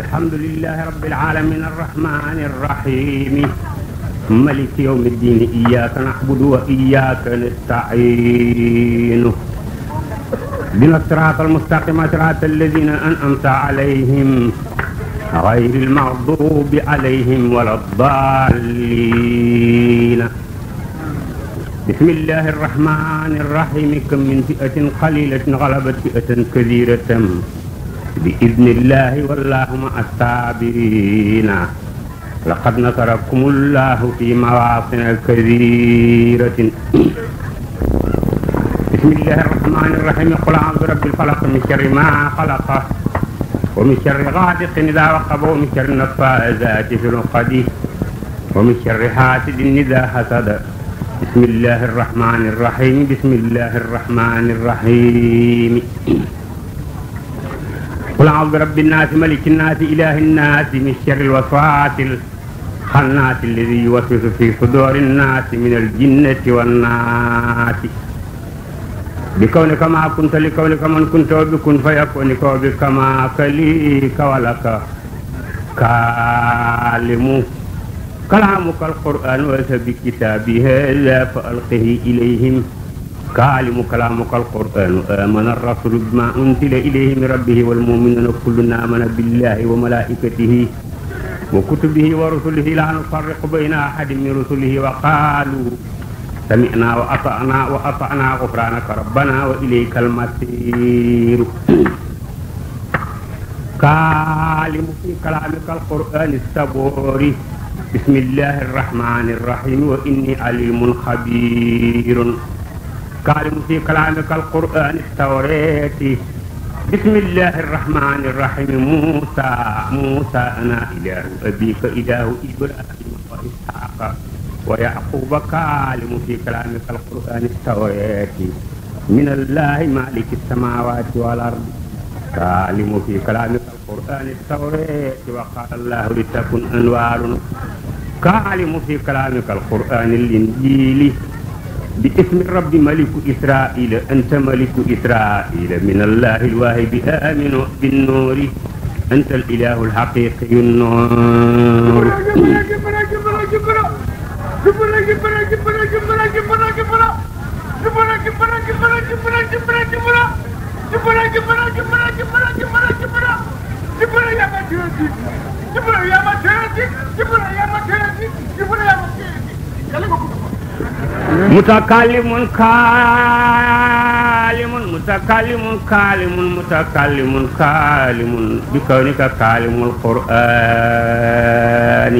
الحمد لله رب العالمين الرحمن الرحيم ملك يوم الدين إياك نعبد وإياك نستعين بنا الصراط المستقيم صراط الذين أنعمت عليهم غير المغضوب عليهم ولا الضالين بسم الله الرحمن الرحيم كم من فئة قليلة غلبت فئة كثيرة بإذن الله والله مع الصابرين لقد نصركم الله في مواطن كثيرة بسم الله الرحمن الرحيم قل أعوذ برب الفلق من شر ما خلق ومن شر غادق إذا وقب ومن شر النفاذات في العقد ومن شر حاسد إذا حسد بسم الله الرحمن الرحيم بسم الله الرحمن الرحيم قل أعوذ برب الناس ملك الناس إله الناس من شر الوسواس الخناس الذي يوسوس في صدور الناس من الجنة والناس بكونك ما كنت لكونك من كنت وبكن فيكونك وبك ما كليك ولك كالم كلامك القرآن وليس بكتابه هذا فألقه إليهم كالم كلامك القرآن آمن الرسول بما أنزل إليه من ربه والمؤمنون كلنا آمن بالله وملائكته وكتبه ورسله لا نفرق بين أحد من رسله وقالوا سمعنا وأطعنا وأطعنا غفرانك ربنا وإليك المصير كالم في كلامك القرآن السبوري بسم الله الرحمن الرحيم وإني عليم خبير قارن في كلامك القرآن التوريت بسم الله الرحمن الرحيم موسى موسى أنا إله أبيك إله إبراهيم وإسحاق ويعقوب كالم في كلامك القرآن التوريت من الله مالك السماوات والأرض كالم في كلامك القرآن التوريت وقال الله لتكن أنوار كالم في كلامك القرآن الإنجيل باسم الرب ملك إسرائيل أنت ملك إسرائيل من الله الواهب آمن بالنور أنت الإله الحقيقي النور Jibril ya mace ya ji, Jibril ya mace ya ji, Jibril ya mace ya ji, ya lagos kuma. متكلم كالم متكلم كالم متكلم كالم بكونك كالم القرآن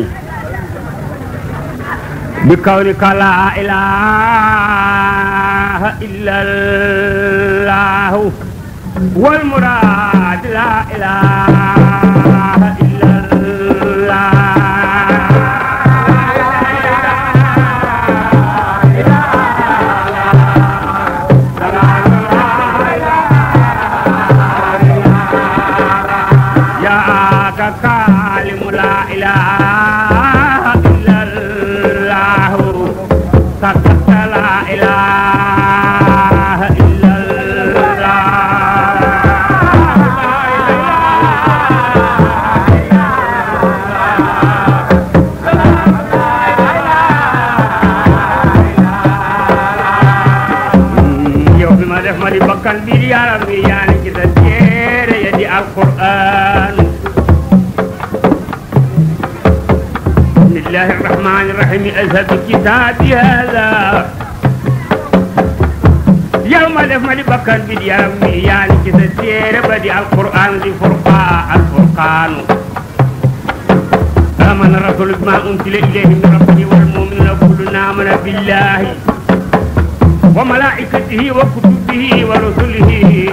بكونك لا إله إلا الله والمراد لا إله فبك تعدي هذا يوم الف ملي بكر باليامي يعني كده سير بدي القرآن ذي فرقان الفرقان آمن الرسول بما أنزل إليه من ربه والمؤمنون كلنا آمن بالله وملائكته وكتبه ورسله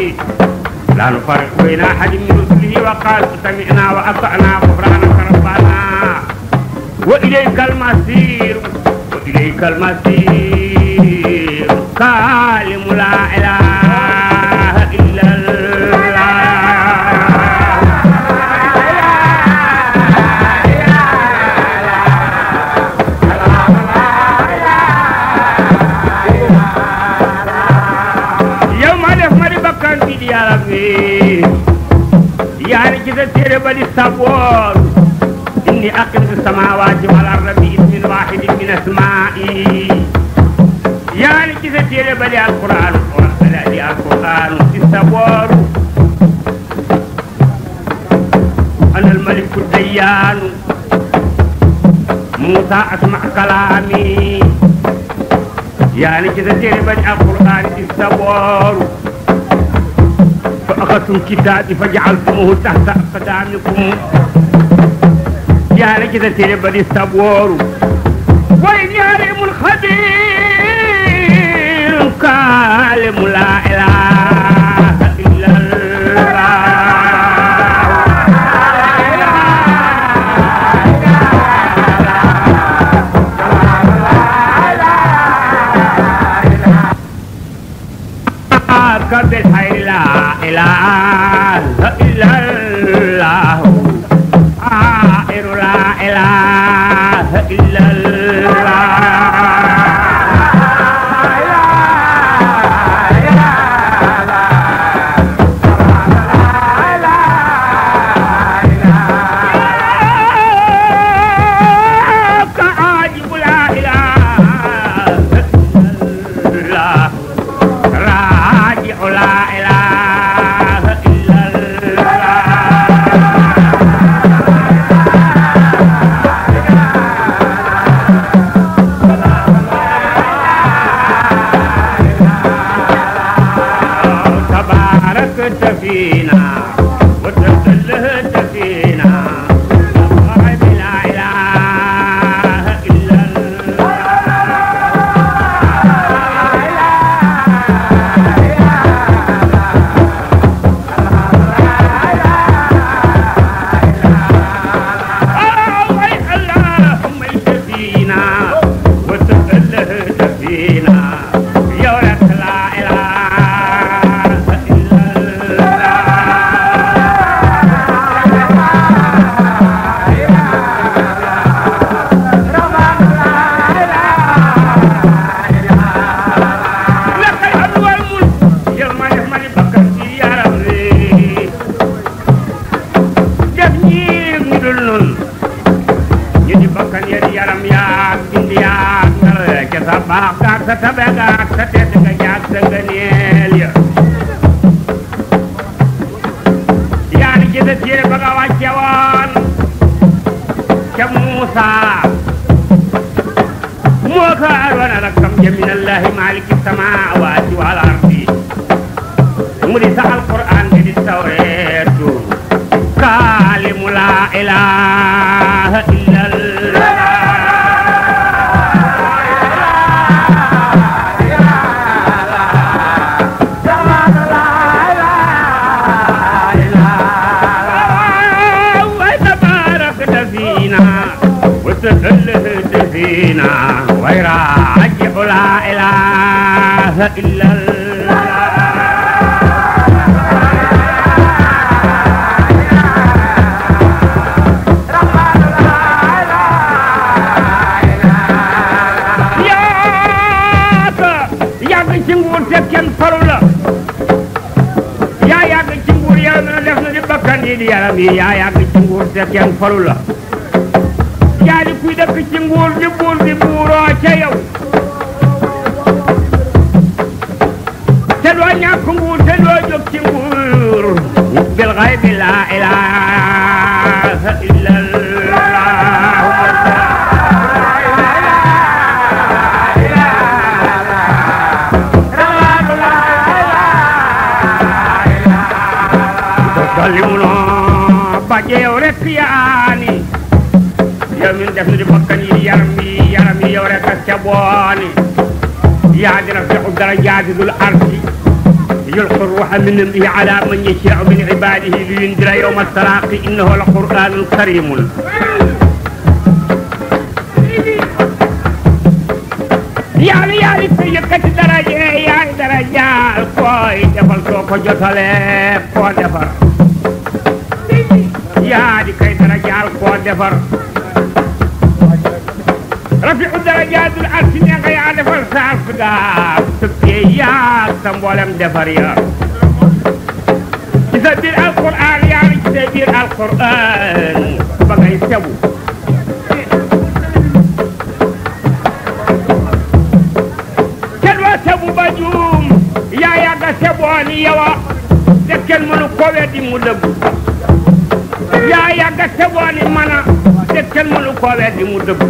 لا نفرق بين أحد من رسله وقال سمعنا وأطعنا غفرانا وإليك المصير وإليك المصير كالم لا إله إلا الله يوم ألف مري بكان في يا ربي يعني كذا تيري بني الصبور إني أقل السماوات والأرض باسم واحد من أسمائه يعني كذا تيري بلي القرآن بلي القرآن تستبور أنا الملك الديان موسى أسمع كلامي يعني كذا تيري بلي القرآن تستبور فأخذتم كتابي فجعلتموه تحت أقدامكم naa la ci sa téere ba di sab baax gaag sa tabe ga إله إلا الله yaram yi yaa yàgg ci nguur te kenn faru la yaa di kuy dëkk ci nguur di buur di buuroo ca yow الغيب لا إله إلا الله Kalimuna baje yow rek yaani yow min def ni bakkan yi yaram yi yaram yi yow rek ak ca booni yaa dina fexu dara jaadidul ardi يلحر روح من به على من يشاء من عباده لينذر يوم التلاقي انه القران الكريم يا لي يا لي كتي دراجة يا دراجة كوي دفر سو كو يا لي rafiu darajaatul arsi ne nga yaa defar saar su gaaf tëkkee yaag sa defar ya ci biir alquran yaa ngi ci biir alquran ba ngay sebu kenn wa sebu ba juum yaa yàgg a seboon yowa te kenn mënu mu dëggu yaa yàgg a seboon mana te kenn mënu ko mu dëggu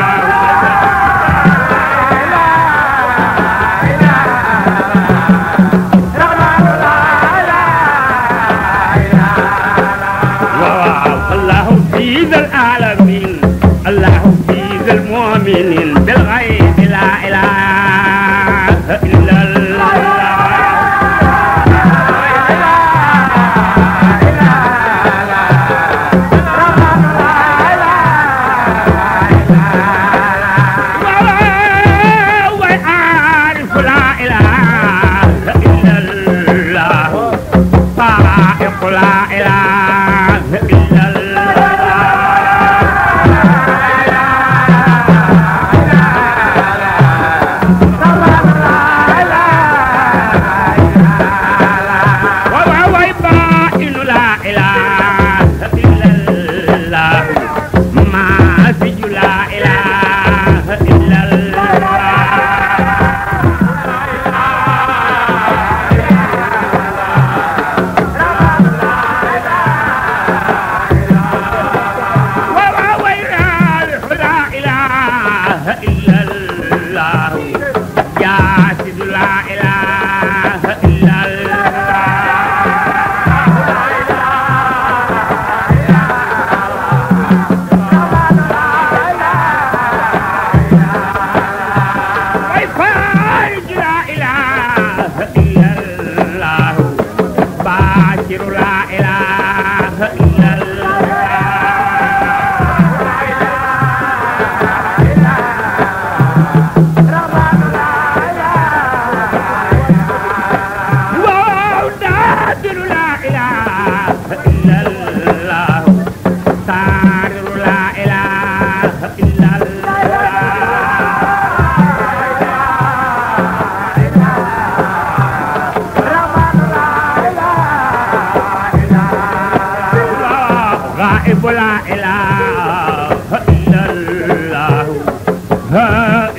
die.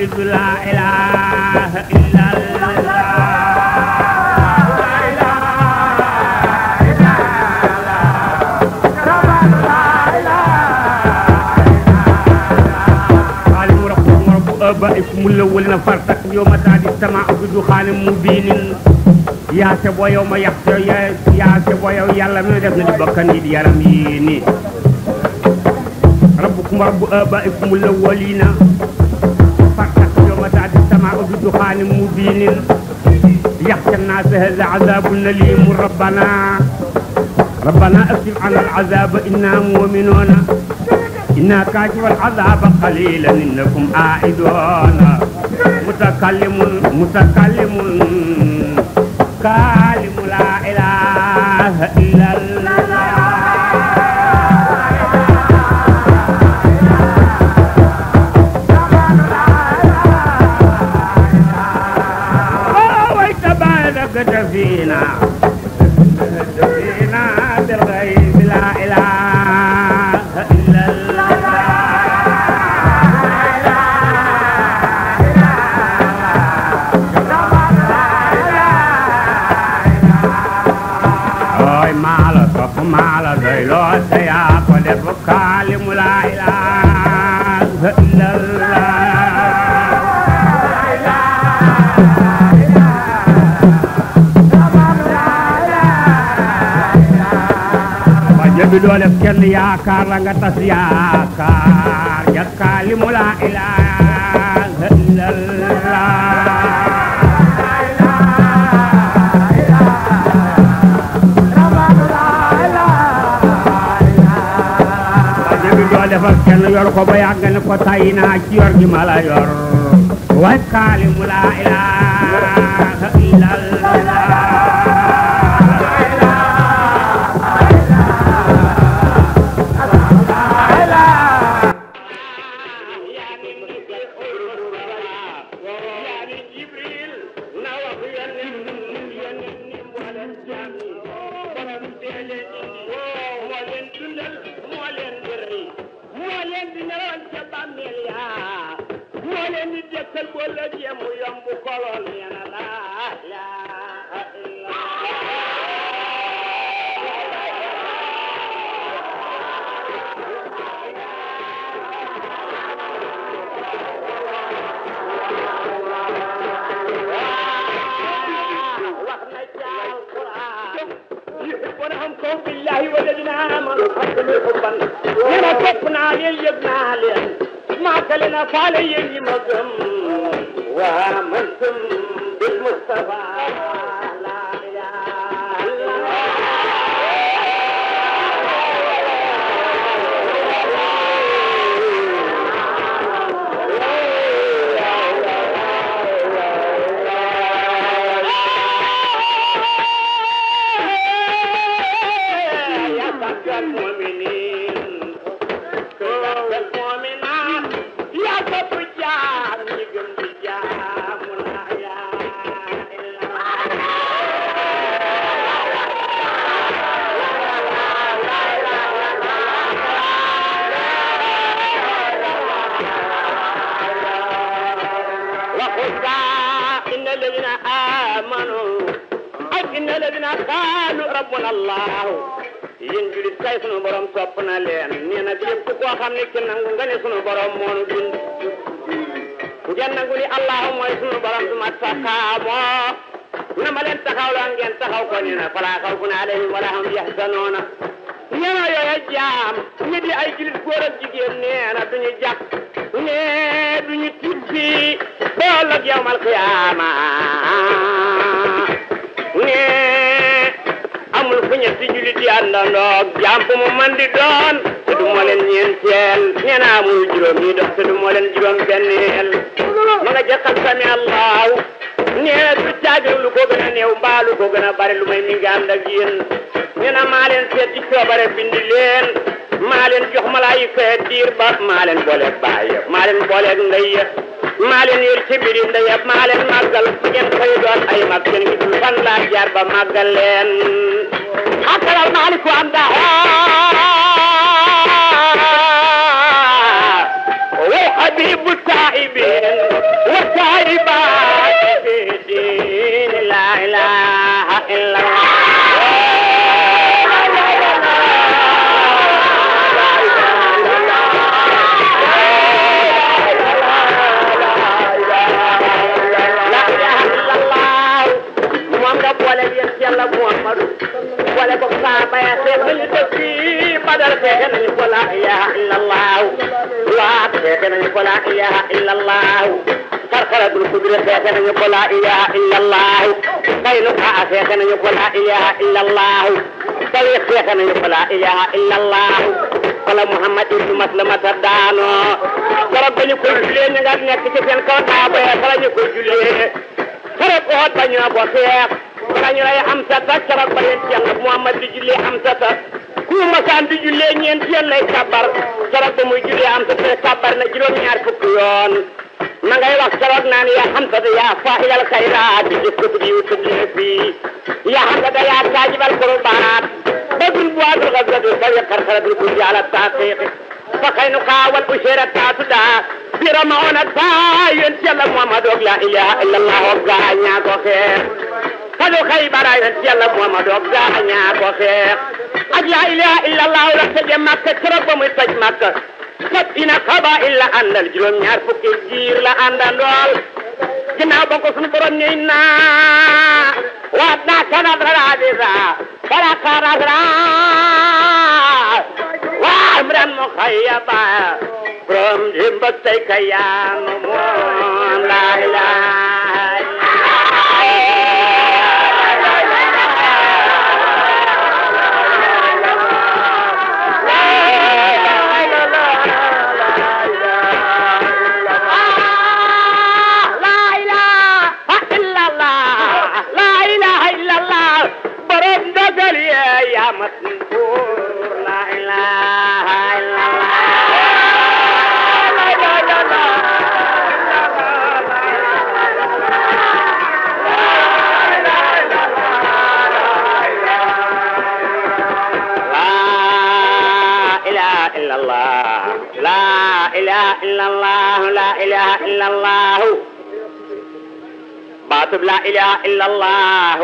أشهد لا إله إلا الله آبائكم الأولين فرتك يوم تادي السماء بدخان مبين يا سبوا يوم يحتوي يا سبوا يوم يلا من دفن البكان دي رميني ربكم رب آبائكم الأولين والسماء بدخان مبين يخشى الناس هذا عذاب أليم ربنا ربنا أصرف عن العذاب إنا مؤمنون إنا كاشف العذاب قليلا إنكم عائدون متكلم متكلم كافر doo def kenn yaakaar la nga tas yaakaar jàkkaalimu laa ilaaha illallaah defal kenn yor ko ba yàgg ne ko tay naa ci yor gi ma la yor way kaalimu laa ilaaha illallaah آمنوا بالله والذين آمنوا حسنوا حبا لنا كفنا علي يبنى ما كلنا فعلي يمضم وآمنتم بالمصطفى موسى إن الذين آمنوا ak inna alladina qaalu rabbuna allahu yéen julit kay sunu borom sopp na leen nee na lépp koo xam ne ki nangu nga ne sunu borom moo nu bind ngeen nangu ni allahu mooy sunu borom su ma taxaamoo na ma leen taxaw loo ngeen taxaw ko nee na falaa xawfun alayhim wala hum yaxzanoona ñana yooya jaam ñi di ay jilit góor ak jigéen nee na duñu jàpp nee duñu tibbi bool ak yawmal qiyaama nee amul fu ñetti julit di àndandoog jaam bu mu man di doon te du moo leen ñeenteel nee na amul juróom yi du moo leen benneel ma nga sami allahu nee du caagin lu ko gën a néew mbaa lu bare lu may mi ngi ànd ak na maa leen seet ci coobare bindi leen maa leen jox malaayika diir ba maa leen booleeg baay yëpp maa leen booleeg ci biir ndey yëpp maa leen màggal ngeen doon ay mag ngeen gisul laa jaar ba màggal leen xakalal maaliku am daxaa wa xabibu saahibin wa saahibaat boole ko saaba ya te xalifa ci badar fekke nañu ko la ilaha illallah waat fekke nañu ko la ilaha illallah farfaragul kudra fekke nañu ko la ilaha illallah baynu kaa fekke nañu ko la ilaha illallah tawi fekke nañu ko la ilaha illallah wala muhammad ibnu maslamata daano torop dañu ko julee ñu nga nekk ci seen kaw taaba ya fara ñu ko julee torop oot ba ñoo ko feex kañ lay am sa ta keroog ba yéen jàng Muhammad di julli am sa ta ku masaan di jullee ñeent yoon lay kabar keroog ba muy julli am sa ta kabar na juróom-ñaar fukk yoon wax keroog naan yaa xam sa ta yaa faahilal xayraat di jëf ko biir tëbli bi yaa xam sa ta yaa saajibal qurbaat badul buwaadul gazwatu sawi xarxaratul fa xëy nu xaawal ushera taatu daa bira ma ona daa yéen ci yàlla Muhammad doog la ilaha illallah wa gaa ñaa ko xeer xadu Xaybar yàlla Muhammadu gaañaa ko xeex ak laa ilaaha illallah la tëje Makka keroog ba muy toj Makka sab'ina qabaa'il la àndal juróom ñaar fukki giir la àndandool ginnaaw ba ko sunu borom ñëw naa waat naa kana daraadisa bara karasra waa mran mu xayyaba borom dimba tey kayaanu moom laa لا إله إلا الله لا إله إلا الله لا إله إلا الله باطب لا إله إلا الله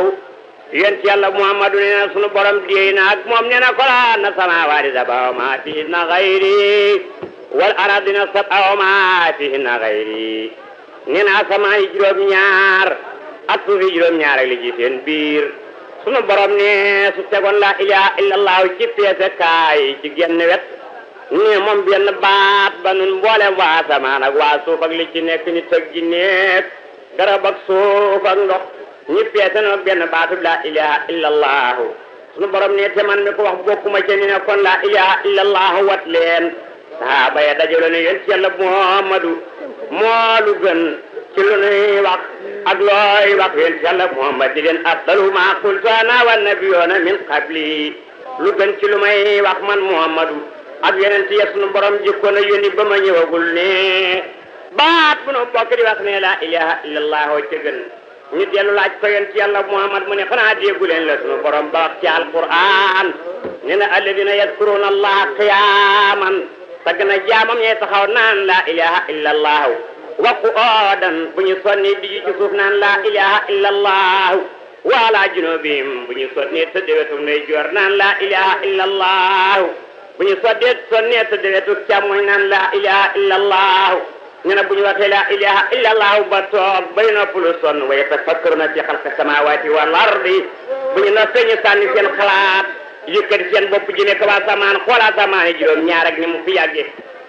yonent yàlla muhammadu nee na sunu borom diyey na ak moom nee na kola na samaawaati sab'a wa maa fiihinna ghayri wal ardina sab'a wa maa fiihinna ghayri nee na asamaan yi ñaar ak suuf yi juróom li ci biir sunu borom ne su tegoon la ilaha illallah ci peese kaay ci genn wet ne moom benn baat ba nun mboolem waa asamaan ak waa suuf li ci nekk nit ak jinne garab ak suuf ak ñëpp yeetanoo benn baatub laa ilaha illa sunu borom ne te man mi ko wax bokkuma ci ni ne kon laa ilaha illa allahu wat leen sahaaba ya dajalo ne yéen ci yàlla muhammadu moo lu gën ci lu nuy wax ak looy wax yéen ci yàlla muhammad di leen afdalu ma qultu ana wa nabiyoona min qabli lu gën ci lu may wax man muhammadu ak yeneen ci sunu borom jikko na yónni ba ma ñëwagul ne baat bu nu bokk di wax ne laa ilaha illa allahu ci gën ni delu laaj ko yent yàlla muhammad mu ne xanaa déggu la sunu borom bax ci alquran ni na alladina yadhkuruna allaha qiyaman sag jamam ye taxaw nan la ilaha illa allah wa qu'udan buñu sonni di ci suuf nan la ilaha illa allah wa ala junubihim bu sonni te dewetu ndey jor nan la ilaha illa allah buñu ñu sonni te dewetu wetu càmmoñ naan la ilaha illa allah ñu ne bu ñu waxee laa ilaha illa ba toog bay noppalu sonn wa yatafakkaruna fi xalqi samawati wal ardi bu ñu noppee ñu sànni seen xalaat yëkkati seen bopp jëlee ko asamaan xool asamaan yi juróom ñaar ak ni mu fi yàggee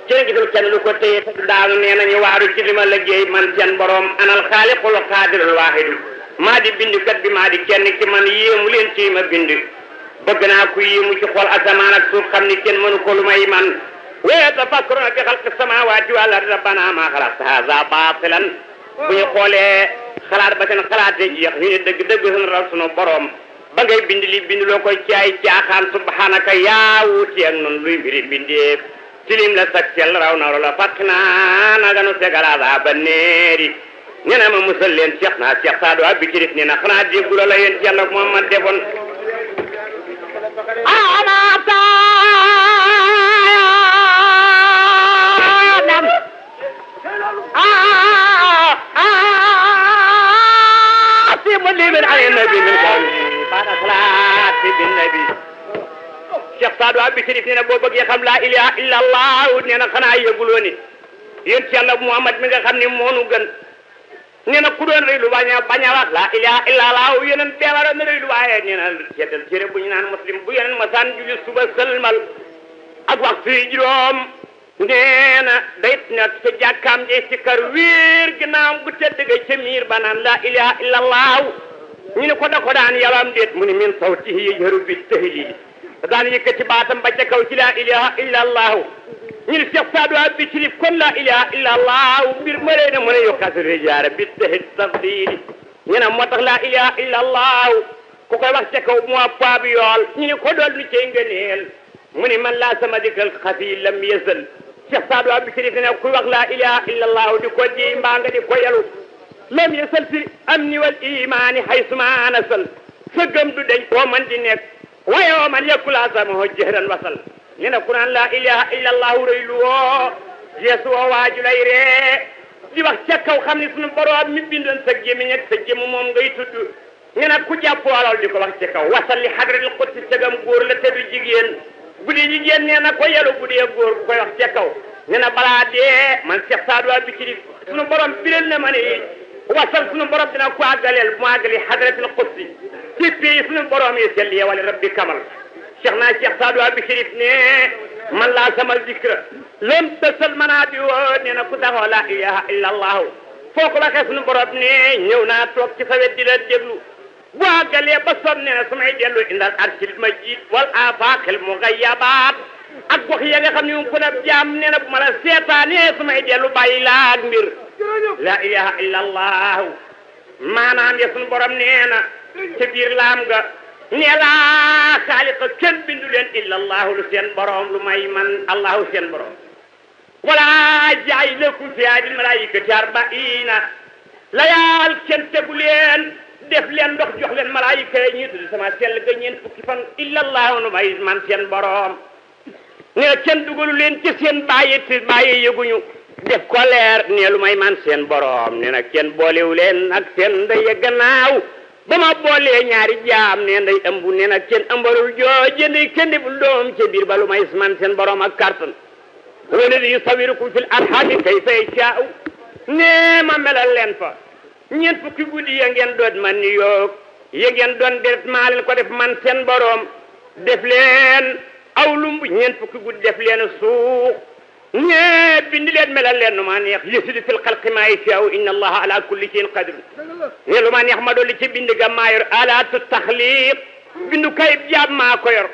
kenn gisul kenn lu ko téye te daanu nee nañu waaru ci li ma liggéey man seen borom anal xaaliqul qaadirul waahidu maa di bindukat bi maa di kenn ki man yéemu leen ci a bind bëgg naa ku yéemu ci xool asamaan ak suuf xam kenn mënu ko lu may ويتفكرون في خلق السماوات والارض ربنا ما خلقت هذا باطلا bu ñu xoolee xalaat ba seen xalaatee jeex ñu ne dëgg dëgg sunu raw sunu ba ngay bind li bind loo koy caay caaxaan subhanaka yaa wuute ak noonu luy mbiri bindeef tilim la sag sel raw na la fàkk naa naga nu segal ba neeri ñu ne musal leen Cheikh naa Cheikh Saadu Abi Chérif nee na xanaa déggu la yéen ci yàlla Muhammad defoon. عاصم اللي من علي النبي من قلبي بعد صلاه بالنبي cheikh Sadou Abdou Chérif nee na boo bëggee xam laa ilaha illa allah nee na xanaa yëguloo ni yéen ci yàlla Muhammad mi nga xam ne moonu gën nee na ku doon rëy lu bañ a bañ a wax laa ilaha illa allah yeneen beewara na rëy lu waaye nee na seetal jërë bu ñu naan muslim bu yeneen masaan julli suba sëlmal ak waxtu yi juróom nee na day nekk ca jàkkaam ji si kër wéer ginnaaw gu tëdd ga ca miir ba naan laa ilaha illallah ñu ne ko da ko daan yaram déet mu ni min sawtihi yajharu bi tahlil daan yëkkati baatam ba ca kaw ci laa ilaha illallah ñu ne Cheikh Saadu ab bi cirif kon laa ilaha illallah mbir ma rëy na mu ne yokkaat rijaara bi tahlil tafdili ñu ne moo tax laa ilaha illallah ku koy wax ca kaw moo paabi yool ñu ne ko doon lu cey ngëneel mu ne man laa sama dikkal xafi lam yësal Cheikh Saadu Abdou Chérif ne ku wax laa ilaha illa allahu di ko ji mbaa nga di ko yalu lam yasal fi amni wal imaani haysuma nasal sa gëm du deñ koo man di nekk wayoo man yekkulaa samaho jëhran wasal ne na ku naan laa ilaha illa allahu rëy lu woo yeesu woo di wax ca kaw xam ne sunu boroom mi bindoon sa gémmi ñet sa jëmm moom ngay tudd ne na ku jàpp alal di ko wax ca kaw wasal li hadratil qudsi sagam góor la te du guddi jigéen nee na ko yelu bu dee góor bu koy wax ca kaw ne dee man Cheikh Sadou Abdou Kiri sunu borom biral na ma ne wasal sunu borom dina ko àggaleel mu àggali hadratil qudsi ci pays sunu borom yi sell yi wala rabbi kamal Cheikh naa Cheikh Sadou a Kiri ne man laa sama zikra lam tasal manaa bi woo nee na ku taxoo laa ilaha illa allahu foo ko waxee sunu borom ne ñëw naa toog sa wet di la déglu وقال يا بصر نينا سمعي ديالو إن الأرش المجيد والآفاق المغيبات أكبخ يا لخم يوم كنا بجام نينا بمرا سيطان يا سمعي ديالو باي لا أكبر لا إله إلا الله ما نام يسن برم نينا كبير لامغا نيلا خالق كن بندولين إلا الله لسين برم لمايمن الله سين برم ولا جاي لكم في هذه الملائكة أربعين ليال كن تبولين def leen ndox jox leen malaayika yi ñuy tudd sama sell ga ñeent fukki fan illallahu nu may man boroom ne kenn dugalu leen ci seen bàyyi te bàyyi yëguñu def ko leer ne lu may man seen boroom ne nag kenn boolewu leen ak seen ndey gannaaw ba ma boolee ñaari jaam ne nday ëmb ne nag kenn ëmbalul jooje ndey kenn deful doom ci biir ba lu may man boroom ak kartan wala di yusawirukum fil arhami kayfa yashaa'u ne ma melal leen fa ñeent fukki guddi ya ngeen doon man ni yoog ya ngeen doon def maa leen ko def man seen borom def leen aw lu ñeent fukki guddi def leen suux ñe bind leen melal leen ma neex yasidu fil khalq ma yashaa'u inna allaha ala kulli shay'in qadir ne lu ma neex ma dolli ci bind ga maa yor tu takhliq bind kay jam ma ko yor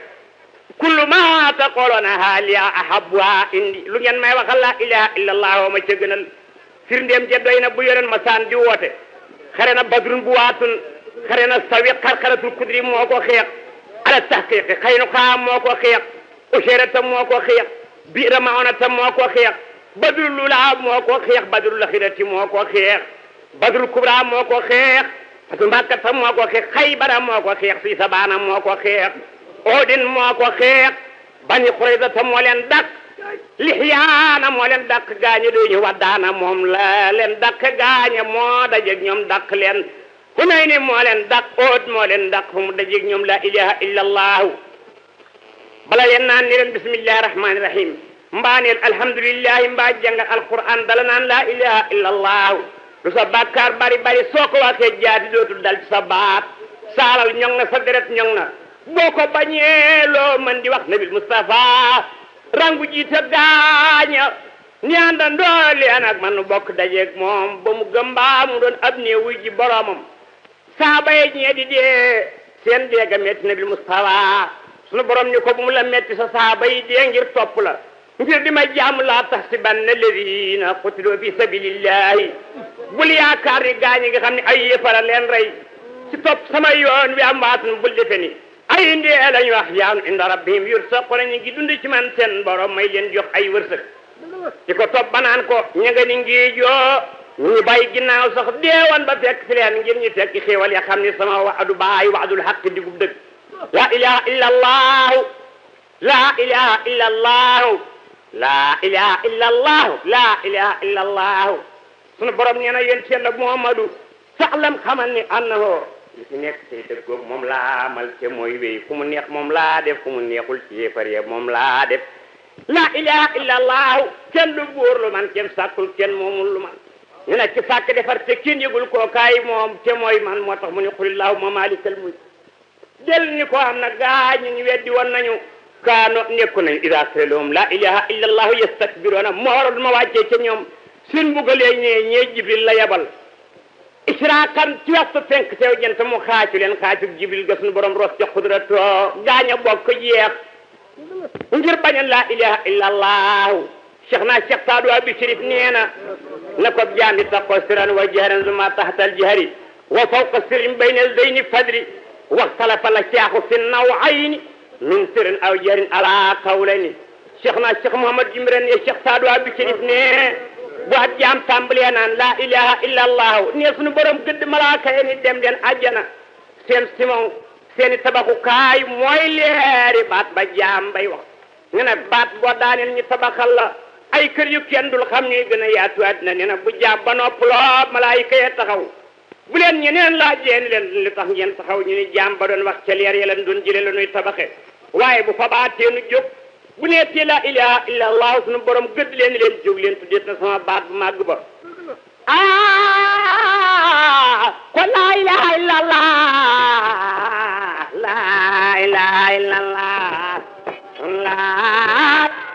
كل ما تقولون haaliya أحبوا indi lu ngeen may waxal إلا ilaha illa allah wa ma جدوين gënal firndeem ja doy خرنا بدر بواتن خرنا السويق خرخرة القدري موكو خيق على التحقيق خين قام موكو خيق أشيرة موكو خيق بئر معونة موكو خيق بدر لولا موكو خيق بدر الأخيرة موكو خيق بدر الكبرى موكو خيق مكة موكو خيق خيبر موكو خيق في موكو خيق أودن موكو خيق بني قريضة مولين دك lixiyaana moo leen dakk gaañe duñu waddaana moom la leen dakk gaañe moo dajeg ñoom dakk leen hunayni moo leen dakk oot moo leen dakk fu mu dajeg ñoom la ilaha illa allahu bala leen naan ni leen bismillahi rahmani rahim mbaa neen alhamdulillahi mbaa jàngal alquran dala naan la ilaha illa allahu lu sa bàkkaar bari bari soo ko waxee jaati dootul dal ci sa baat saalal ñoŋ na sa deret ñoŋ na boo ko bañee di wax nabil mustafa rangu jiite gaaña ni àndandoo leen ak man bokk dajeeg moom ba mu gëmbaa mu doon ab néewu ji boromam saaba yi ñee di dee seen deega metti na bil mustawa borom ni ko bu mu la metti sa saaba yi dee ngir topp la ngir di ma jaamu laa tahsibanna alladina qutiloo fi sabilillahi bul yaakaar ni gaañi nga xam ni ay yëfara leen rey ci topp sama yoon wi am waatan bul defe ni ay ndee lañu wax yaanu inda rabbihim yursaqu ñu ngi dund ci man seen borom may leen jox ay wërsëg di ko topp banaan ko ña nga ni ngi joo ñu bàyyi ginnaaw sax deewoon ba fekk fi leen ngir ñu fekk xéewal ya xam ni sama waadu baay waadul xaq digub dëgg laa ilaha illa allahu laa ilaha illa allahu laa ilaha illa allahu laa ilaha illa allahu sunu borom nee na yéen seen la muhammadu saxlam xamal ni annahu ni nek nekk tey dëggoog moom laa amal te moy wéy fu mu neex mom la def fu mu neexul ci yéefar ya mom la def la ilaha illa allah kenn du góor lu man kenn sakul kenn momul lu man ñu ne ci fak defar te yegul ko kay mom te moy man moo tax mu ne xulillahuma maalikal mulk del ni ko am na gaa ñu ñu weddi won nañu kaano nekku nañu ida selom la ilaha illa illallahu yastakbiroona mooroon ma wàccee ca ñoom seen mbugalee ñe ñe jibril la yabal إشراكاً تيوات فنك سيو جنت مخاتل ين خاتل يعني جبل قسن برم رخت خدرتو غاني بوك يق ونجر بني لا إله إلا الله شخنا شخ سادو أبي شريف نينا نقب جامي تقو سران وجهران زما تحت الجهري وفوق السرين بين الزين فدري واختلف الأشياخ في النوعين من سر أو جهر على قولين شخنا شخ محمد جمران يا شخ سادو أبي شريف نينا bu ab jaam tàmbalee naan laa ilaha illa allahu nee suñu borom gëdd malaaka yi ni dem leen ajjana seen simon seeni tabaxukaay mooy leeri baat ba jaam bay wax ne na baat boo daaneel ñu tabaxal la ay kër yu kenn dul xam ñuy gën a yaatu àddina ne na bu jaam ba noppaloo malaayika yee taxaw bu leen ñeneen laajee ni leen li tax ngeen taxaw ñu ni jaam ba doon wax ca leer ya leen doon jëlee la nuy tabaxe waaye bu fa baatee nu jóg bu nekkee laa ilaha illa allah sunu borom gëdd leen leen jóg leen tuddeet na sama baat bu màgg ba ah kon laa ilaha illa allah laa